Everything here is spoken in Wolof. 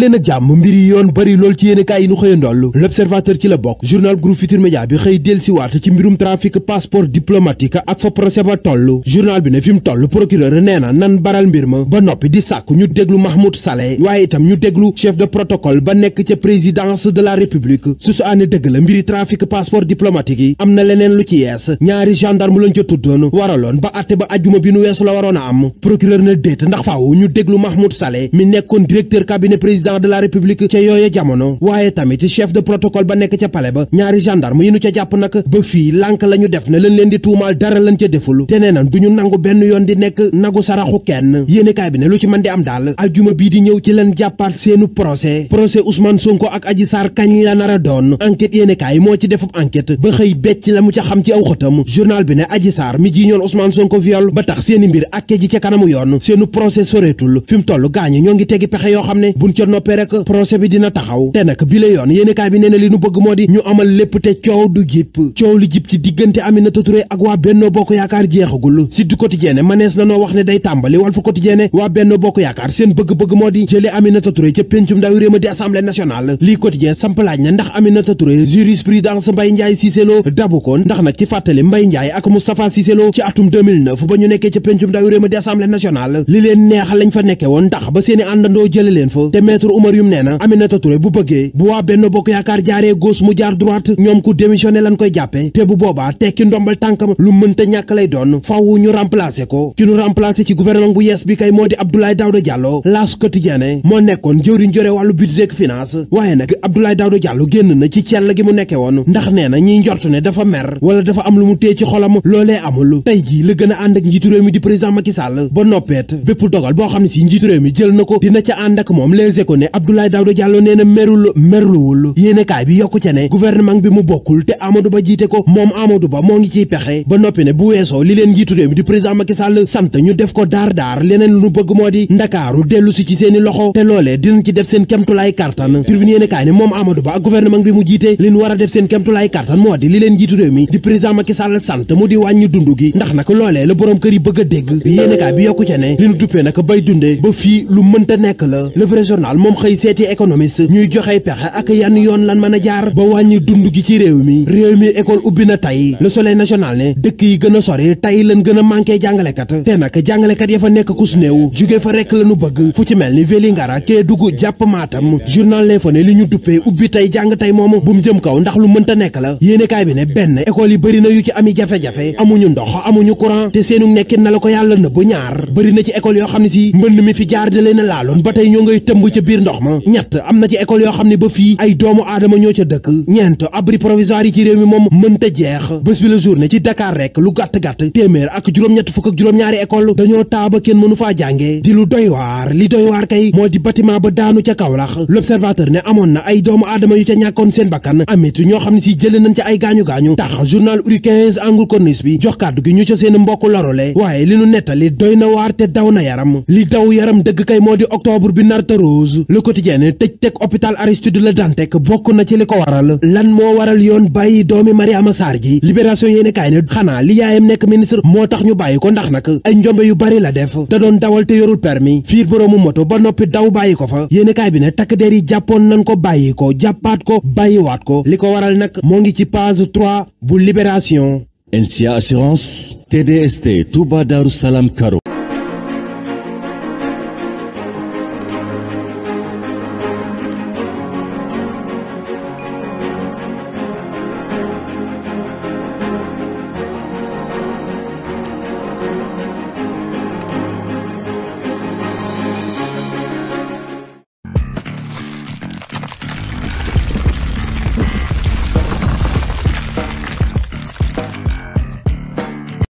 dal jàmm mbir yi yoon bari lool ci yéenekaay yi nu xëya ndoll l'observateur ci la bokk journal groupe Futurs Médias bi xëy delsi waat ci mbirum trafic passeport diplomatique ak fa procès ba toll journal bi ne fi toll procureur nee na nan baral mbir ma ba noppi di sàkk ñu déglu Mahmoud Saleh waaye itam ñu déglu chef de protocole ba nekk ca présidence de la république su su ànne dëgg la mbiri trafic passeport diplomatique yi am na leneen lu ci yees ñaari gendarme lañ ca tuddoon waraloon ba àtte ba a président de la république ca yooye jamono waaye tamit chef de protocole ba nekk ca pale ba ñaari gendarme yi nu ca jàpp nag ba fii lànk la ñu def ne lañ leen di tuumaal dara lañ ca deful te nee na du ñu nangu benn yoon di nekk nagu saraxu kenn yéenekaay bi ne lu ci mën di am daal aljuma bii di ñëw ci leen jàppaat seenu procès procès Ousmane Sonko ak Adji saar kañ la nar a doon enquête yéenekaay moo ci defub enquête ba xëy becc la mu ca xam ci aw xëtam journal bi ne Adji Sarr mi jiiñoon Ousmane Sonko viol ba tax seeni mbir àtte ji ca yoon seenu procès soreetul fi mu toll gaañi ñoo ngi tegi pexe yoo xam ne ca noppee rek procès bi dina taxaw te nag bi la bi nee li nu bëgg moo di ñu amal lépp te coow du jip coow lu jip ci diggante Aminata Touré ak waa Benno Bokk Yaakaar jeexagul si du quotidien na noo wax ne day tàmbali Walf Quotidien waa Benno Bokk Yaakaar seen bëgg-bëgg moo di jële Aminata Touré ca péncum ndaw di Assemblée nationale lii quotidien samp na ndax Aminata Touré jurisprudence Mbaye Ndiaye Cissé Lo dabu ko ndax nag maître Oumar Youm nee na Aminata Touré bu bëggee bu waa benn bokk yaakaar jaaree gauche mu jaar droite ñoom ku démissionné lañ koy jàppe te bu boobaa tekki ndombal tànkam lu mënta ñàkk lay doon fàww ñu remplacer ko ki ñu remplacer ci gouvernement bu yees bi kay moo di Abdoulaye Daouda Diallo laas moo nekkoon jëwriñ jore wàllu budget finance waaye nag Abdoulaye Daouda Diallo génn na ci cell gi mu nekke woon ndax nee na ñiy njort ne dafa mer wala fàtte ko ne Abdoulaye Daouda Diallo nee na merul merluwul yéenekaay bi yokku ca ne gouvernement bi mu bokkul te Amadou Ba jiite ko moom Amadou Ba moo ngi ciy pexe ba noppi ne bu weesoo li leen njiitu réew mi di président Macky sant ko daar daar lu nu bëgg moo di ndakaaru dellu si ci seeni ci seen kemtulaay kartan tribune yéenekaay ne moom Amadou Ba ak gouvernement bi mu jiite li ñu war a def seen kemtulaay kartan moo di li leen njiitu réew mi di président Macky Sall sant wàññi dund gi ndax nag loolee la boroom kër yi bëgg a dégg yéenekaay bi yokku ca ne li ñu duppee nag bay dunde ba fii lu mënta nekk la le vrai journal Fall moom xëy seeti économiste ñuy joxe pexe ak yan yoon lan mën a jaar ba wàññi dund gi ci réew mi réew mi école ubbi na tey le soleil national ne dëkk yi gën a sori tey lan gën a manqué jàngalekat te nag jàngalekat ya fa nekk kus néew jóge fa rek la ñu bëgg fu ci mel ni Vélingara Kédougou jàpp Matam journal l'info ne li ñu duppee ubbi tey jàng tey moom bu mu jëm kaw ndax lu mënta nekk la yéenekaay bi ne benn école yi bëri na yu ci ami jafe-jafe amuñu ndox amuñu courant na la ko yàlla nëbb ñaar bëri na yoo xam ne si mbënn mi a biir ndox ma ñett am na ci école yoo xam ne ba fii ay doomu aadama ñoo ca dëkk ñeent abri provisoire yi ci réew mi moom mënta jeex bés bi la journée ci Dakar rek lu gàtt-gàtt téeméer ak juróom-ñett fukk ak juróom-ñaari école dañoo taaba kenn mënu faa jànge di lu doy waar li doy waar kay moo di bâtiment ba daanu ca Kaolack l'observateur ne amoon na ay doomu aadama yu ca ñàkkoon seen bakkan amit ñoo xam ne si jëlee nañ ca ay gaañu-gaañu tax journal uri 15 angul corniche bi jox kàddu gi ñu ca seen mbokk lorole na waar daw na yaram li daw yaram dëgg kay moo di octobre bi narta 14 le quotidien tëj teg hôpital Aristide Le Dantec bokk na ci li ko waral lan moo waral yoon bàyyi doomi Mariama saar ji libération yéene kaay ne xanaa li yaayam nekk ministre moo tax ñu bàyyi ko ndax nag ay njombe yu bari la def te doon dawal te yorul permis fiir boroomu moto ba noppi daw bàyyi ko fa yéene bi ne takk der yi jàppoon nan ko bàyyi ko jàppaat ko bàyyiwaat ko li ko waral nag moo ngi ci page 3 bu libération NCA assurance TDST Touba Darou Salam Karo